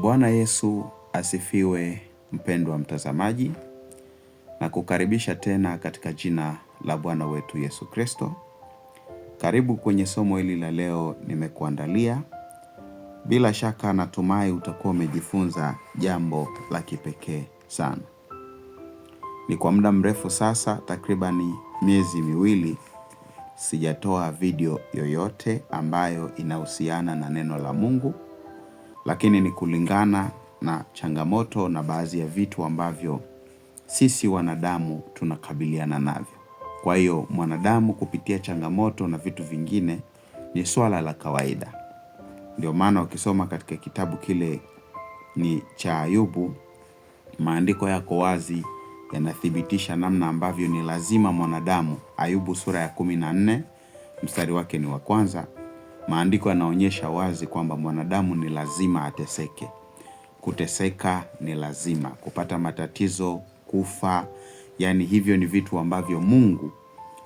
Bwana Yesu asifiwe, mpendwa mtazamaji, na kukaribisha tena katika jina la Bwana wetu Yesu Kristo. Karibu kwenye somo hili la leo nimekuandalia. Bila shaka natumai utakuwa umejifunza jambo la kipekee sana. Ni kwa muda mrefu sasa, takribani miezi miwili sijatoa video yoyote ambayo inahusiana na neno la Mungu lakini ni kulingana na changamoto na baadhi ya vitu ambavyo sisi wanadamu tunakabiliana navyo. Kwa hiyo mwanadamu kupitia changamoto na vitu vingine ni swala la kawaida. Ndio maana ukisoma katika kitabu kile ni cha Ayubu, maandiko yako wazi yanathibitisha namna ambavyo ni lazima mwanadamu. Ayubu sura ya kumi na nne mstari wake ni wa kwanza Maandiko yanaonyesha wazi kwamba mwanadamu ni lazima ateseke. Kuteseka ni lazima, kupata matatizo, kufa, yaani hivyo ni vitu ambavyo Mungu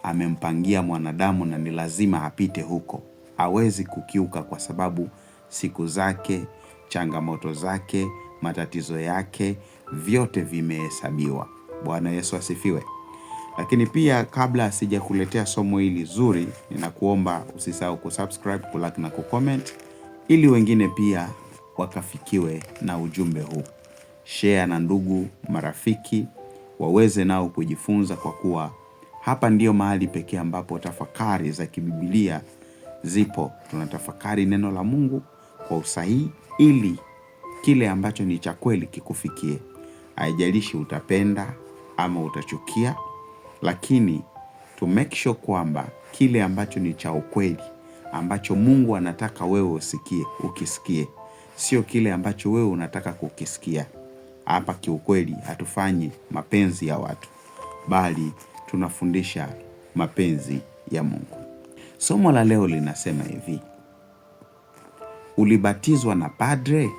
amempangia mwanadamu na ni lazima apite huko. Hawezi kukiuka kwa sababu siku zake, changamoto zake, matatizo yake, vyote vimehesabiwa. Bwana Yesu asifiwe. Lakini pia kabla sijakuletea somo hili zuri, ninakuomba usisahau kusubscribe, kulike na kucomment ili wengine pia wakafikiwe na ujumbe huu. Share na ndugu, marafiki waweze nao kujifunza, kwa kuwa hapa ndiyo mahali pekee ambapo tafakari za kibibilia zipo. Tunatafakari neno la Mungu kwa usahihi ili kile ambacho ni cha kweli kikufikie. Haijalishi utapenda ama utachukia lakini to make sure kwamba kile ambacho ni cha ukweli ambacho Mungu anataka wewe usikie ukisikie, sio kile ambacho wewe unataka kukisikia. Hapa kiukweli hatufanyi mapenzi ya watu, bali tunafundisha mapenzi ya Mungu. Somo la leo linasema hivi: ulibatizwa na padre?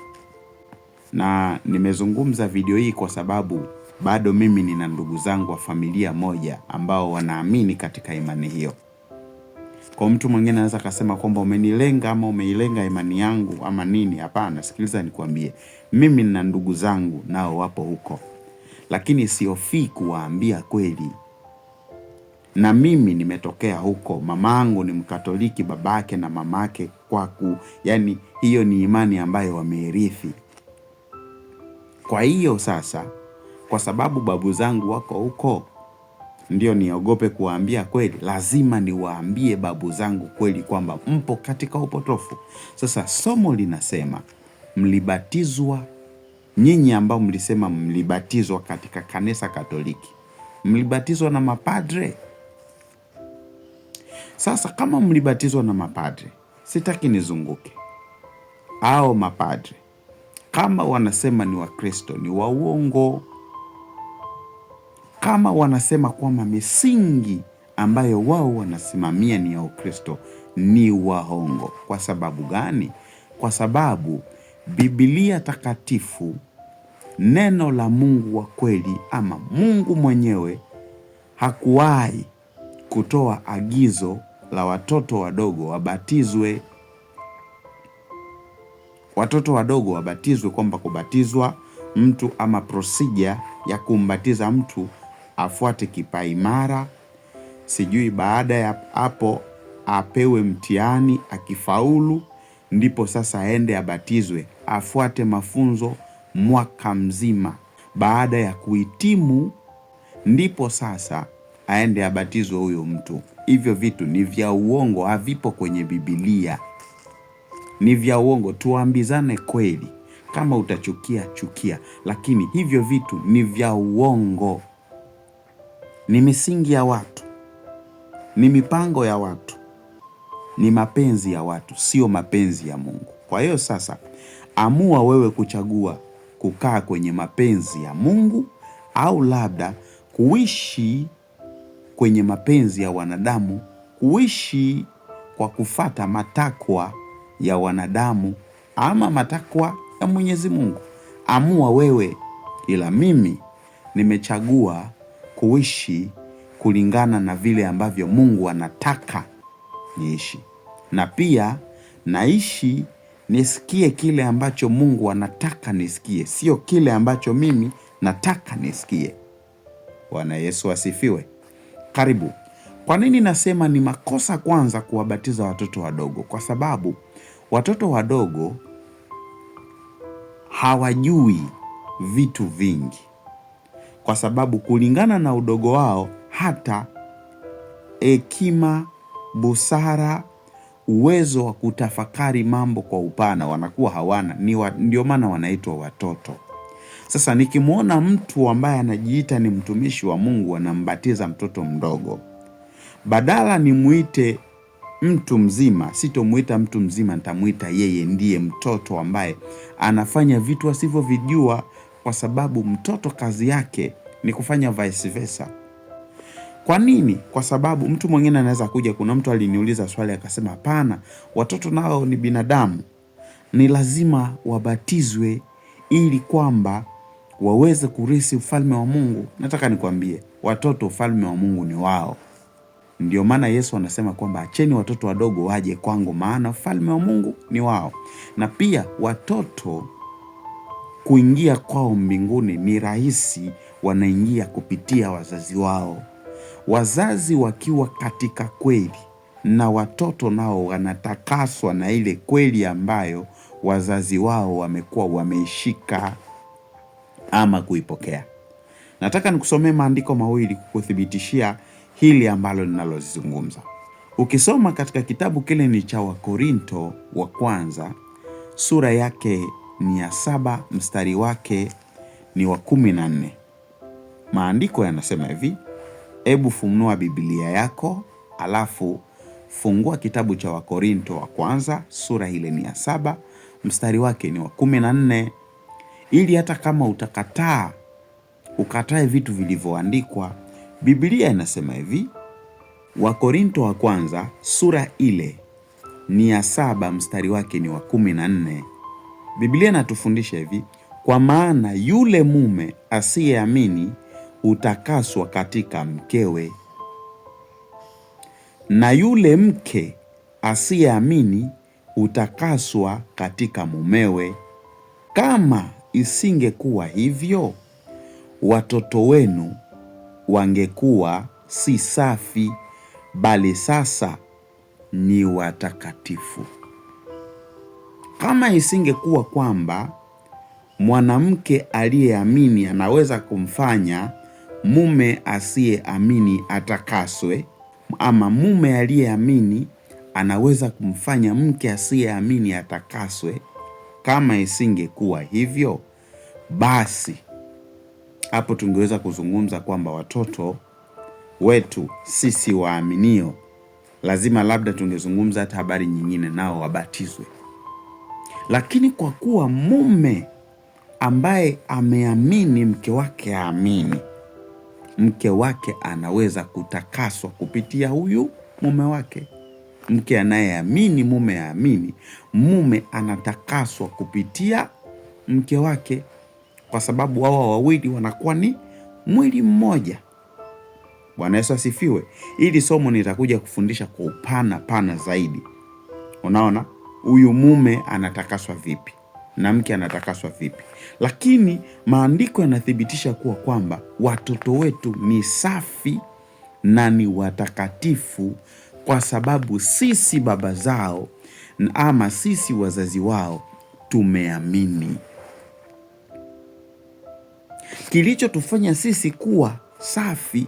Na nimezungumza video hii kwa sababu bado mimi nina ndugu zangu wa familia moja ambao wanaamini katika imani hiyo. Kwa mtu mwingine anaweza akasema kwamba umenilenga ama umeilenga imani yangu ama nini. Hapana, sikiliza nikwambie, mimi nina ndugu zangu nao wapo huko, lakini siofii kuwaambia kweli na mimi nimetokea huko. Mamangu ni Mkatoliki, babake na mamake kwaku, yani hiyo ni imani ambayo wameirithi. Kwa hiyo sasa kwa sababu babu zangu wako huko, ndio niogope kuwaambia kweli? Lazima niwaambie babu zangu kweli kwamba mpo katika upotofu. Sasa somo linasema mlibatizwa nyinyi, ambao mlisema mlibatizwa katika kanisa Katoliki, mlibatizwa na mapadre. Sasa kama mlibatizwa na mapadre, sitaki nizunguke, ao mapadre kama wanasema ni Wakristo ni wauongo kama wanasema kwamba misingi ambayo wao wanasimamia ni ya Ukristo ni waongo. Kwa sababu gani? Kwa sababu Biblia takatifu, neno la Mungu wa kweli, ama Mungu mwenyewe hakuwahi kutoa agizo la watoto wadogo wabatizwe. Watoto wadogo wabatizwe, kwamba kubatizwa mtu ama prosija ya kumbatiza mtu afuate kipaimara, sijui baada ya hapo apewe mtihani, akifaulu ndipo sasa aende abatizwe, afuate mafunzo mwaka mzima. Baada ya kuhitimu ndipo sasa aende abatizwe huyo mtu. Hivyo vitu ni vya uongo, havipo kwenye bibilia ni vya uongo. Tuambizane kweli, kama utachukia chukia, lakini hivyo vitu ni vya uongo ni misingi ya watu, ni mipango ya watu, ni mapenzi ya watu, sio mapenzi ya Mungu. Kwa hiyo sasa, amua wewe kuchagua kukaa kwenye mapenzi ya Mungu au labda kuishi kwenye mapenzi ya wanadamu, kuishi kwa kufata matakwa ya wanadamu ama matakwa ya Mwenyezi Mungu. Amua wewe, ila mimi nimechagua kuishi kulingana na vile ambavyo Mungu anataka niishi, na pia naishi nisikie kile ambacho Mungu anataka nisikie, sio kile ambacho mimi nataka nisikie. Bwana Yesu asifiwe. Karibu. Kwa nini nasema ni makosa kwanza kuwabatiza watoto wadogo? Kwa sababu watoto wadogo hawajui vitu vingi kwa sababu kulingana na udogo wao hata hekima, busara, uwezo wa kutafakari mambo kwa upana wanakuwa hawana. Ndio maana wanaitwa watoto. Sasa nikimwona mtu ambaye anajiita ni mtumishi wa Mungu anambatiza mtoto mdogo, badala nimwite mtu mzima, sitomwita mtu mzima, nitamwita yeye ndiye mtoto ambaye anafanya vitu asivyovijua, kwa sababu mtoto kazi yake ni kufanya vice versa. Kwa nini? Kwa sababu mtu mwingine anaweza kuja. Kuna mtu aliniuliza swali akasema, hapana, watoto nao ni binadamu, ni lazima wabatizwe ili kwamba waweze kurithi ufalme wa Mungu. Nataka nikwambie, watoto ufalme wa Mungu ni wao. Ndio maana Yesu anasema kwamba acheni watoto wadogo waje kwangu, maana ufalme wa Mungu ni wao. Na pia watoto kuingia kwao mbinguni ni rahisi wanaingia kupitia wazazi wao, wazazi wakiwa katika kweli, na watoto nao wanatakaswa na ile kweli ambayo wazazi wao wamekuwa wameishika ama kuipokea. Nataka nikusomee maandiko mawili kukuthibitishia hili ambalo ninalozungumza. Ukisoma katika kitabu kile ni cha Wakorinto wa kwanza sura yake ni ya saba mstari wake ni wa kumi na nne Maandiko yanasema hivi, hebu funua Biblia yako alafu fungua kitabu cha Wakorinto wa kwanza sura ile ni ya saba mstari wake ni wa kumi na nne ili hata kama utakataa ukatae vitu vilivyoandikwa. Biblia inasema hivi, Wakorinto wa kwanza sura ile ni ya saba mstari wake ni wa kumi na nne. Biblia inatufundisha hivi, kwa maana yule mume asiyeamini utakaswa katika mkewe. Na yule mke asiyeamini utakaswa katika mumewe. Kama isingekuwa hivyo, watoto wenu wangekuwa si safi, bali sasa ni watakatifu. Kama isingekuwa kwamba mwanamke aliyeamini anaweza kumfanya mume asiyeamini atakaswe, ama mume aliyeamini anaweza kumfanya mke asiyeamini atakaswe. Kama isingekuwa hivyo, basi hapo tungeweza kuzungumza kwamba watoto wetu sisi waaminio lazima labda tungezungumza hata habari nyingine, nao wabatizwe. Lakini kwa kuwa mume ambaye ameamini mke wake aamini mke wake anaweza kutakaswa kupitia huyu mume wake. Mke anayeamini mume aamini, mume anatakaswa kupitia mke wake, kwa sababu hawa wawili wanakuwa ni mwili mmoja. Bwana Yesu asifiwe. Hili somo nitakuja kufundisha kwa upana pana zaidi. Unaona, huyu mume anatakaswa vipi? na mke anatakaswa vipi. Lakini maandiko yanathibitisha kuwa kwamba watoto wetu ni safi na ni watakatifu kwa sababu sisi baba zao ama sisi wazazi wao tumeamini. Kilichotufanya sisi kuwa safi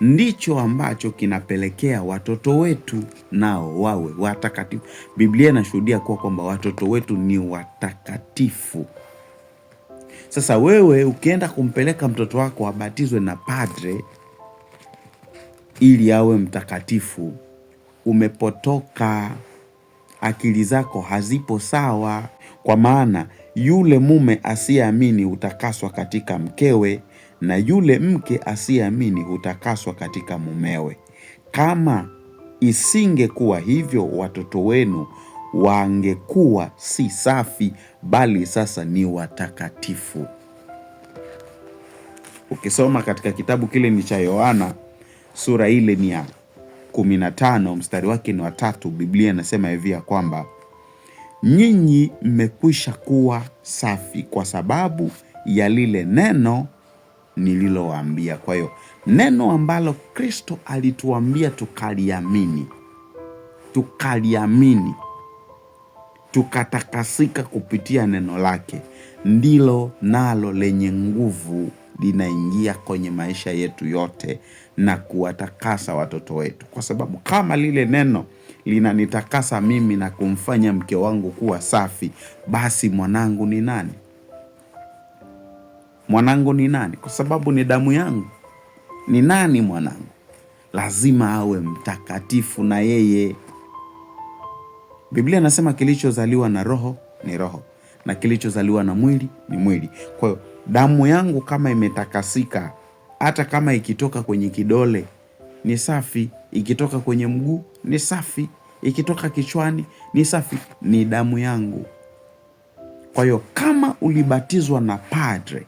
ndicho ambacho kinapelekea watoto wetu nao wawe watakatifu. Biblia inashuhudia kuwa kwamba watoto wetu ni watakatifu. Sasa wewe ukienda kumpeleka mtoto wako abatizwe na padre ili awe mtakatifu, umepotoka. Akili zako hazipo sawa, kwa maana yule mume asiyeamini hutakaswa katika mkewe na yule mke asiyeamini hutakaswa katika mumewe. Kama Isingekuwa hivyo, watoto wenu wangekuwa si safi, bali sasa ni watakatifu. Ukisoma katika kitabu kile ni cha Yohana sura ile ni ya 15 mstari wake ni watatu, Biblia inasema hivi ya kwamba nyinyi mmekwisha kuwa safi kwa sababu ya lile neno nililowaambia. Kwa hiyo neno ambalo Kristo alituambia tukaliamini, tukaliamini, tukatakasika kupitia neno lake, ndilo nalo lenye nguvu linaingia kwenye maisha yetu yote na kuwatakasa watoto wetu, kwa sababu kama lile neno linanitakasa mimi na kumfanya mke wangu kuwa safi, basi mwanangu ni nani? Mwanangu ni nani? Kwa sababu ni damu yangu ni nani mwanangu, lazima awe mtakatifu na yeye. Biblia inasema kilichozaliwa na roho ni roho na kilichozaliwa na mwili ni mwili. Kwa hiyo damu yangu kama imetakasika, hata kama ikitoka kwenye kidole ni safi, ikitoka kwenye mguu ni safi, ikitoka kichwani ni safi, ni damu yangu. Kwa hiyo kama ulibatizwa na padre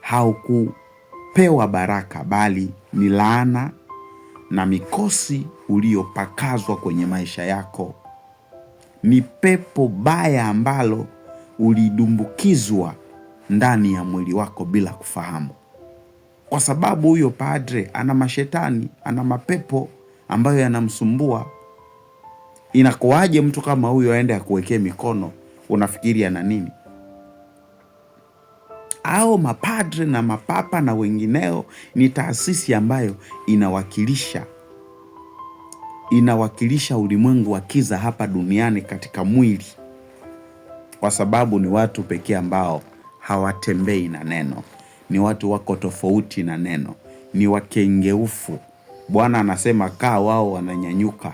hauku hupewa baraka, bali ni laana na mikosi uliyopakazwa kwenye maisha yako. Ni pepo baya ambalo ulidumbukizwa ndani ya mwili wako bila kufahamu, kwa sababu huyo padre ana mashetani, ana mapepo ambayo yanamsumbua. Inakuwaje mtu kama huyo aende akuwekee mikono? Unafikiri ana nini? au mapadre na mapapa na wengineo, ni taasisi ambayo inawakilisha inawakilisha ulimwengu wa kiza hapa duniani katika mwili, kwa sababu ni watu pekee ambao hawatembei na neno, ni watu wako tofauti na neno, ni wakengeufu. Bwana anasema kaa, wao wananyanyuka.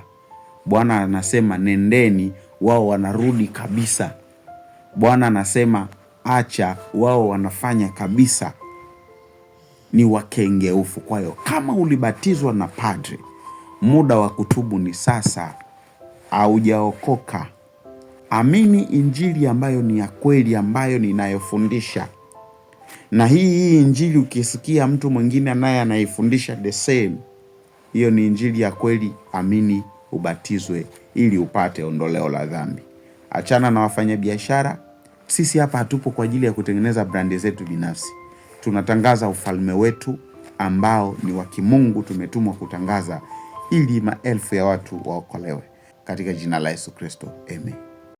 Bwana anasema nendeni, wao wanarudi kabisa. Bwana anasema acha wao wanafanya kabisa ni wakengeufu. Kwa hiyo kama ulibatizwa na padre muda wa kutubu ni sasa, haujaokoka. Amini injili ambayo ni ya kweli, ambayo ninayofundisha na hii hii injili ukisikia mtu mwingine naye anaifundisha the same, hiyo ni injili ya kweli. Amini ubatizwe, ili upate ondoleo la dhambi. Achana na wafanyabiashara. Sisi hapa hatupo kwa ajili ya kutengeneza brandi zetu binafsi, tunatangaza ufalme wetu ambao ni wa kimungu, tumetumwa kutangaza ili maelfu ya watu waokolewe katika jina la Yesu Kristo, amen.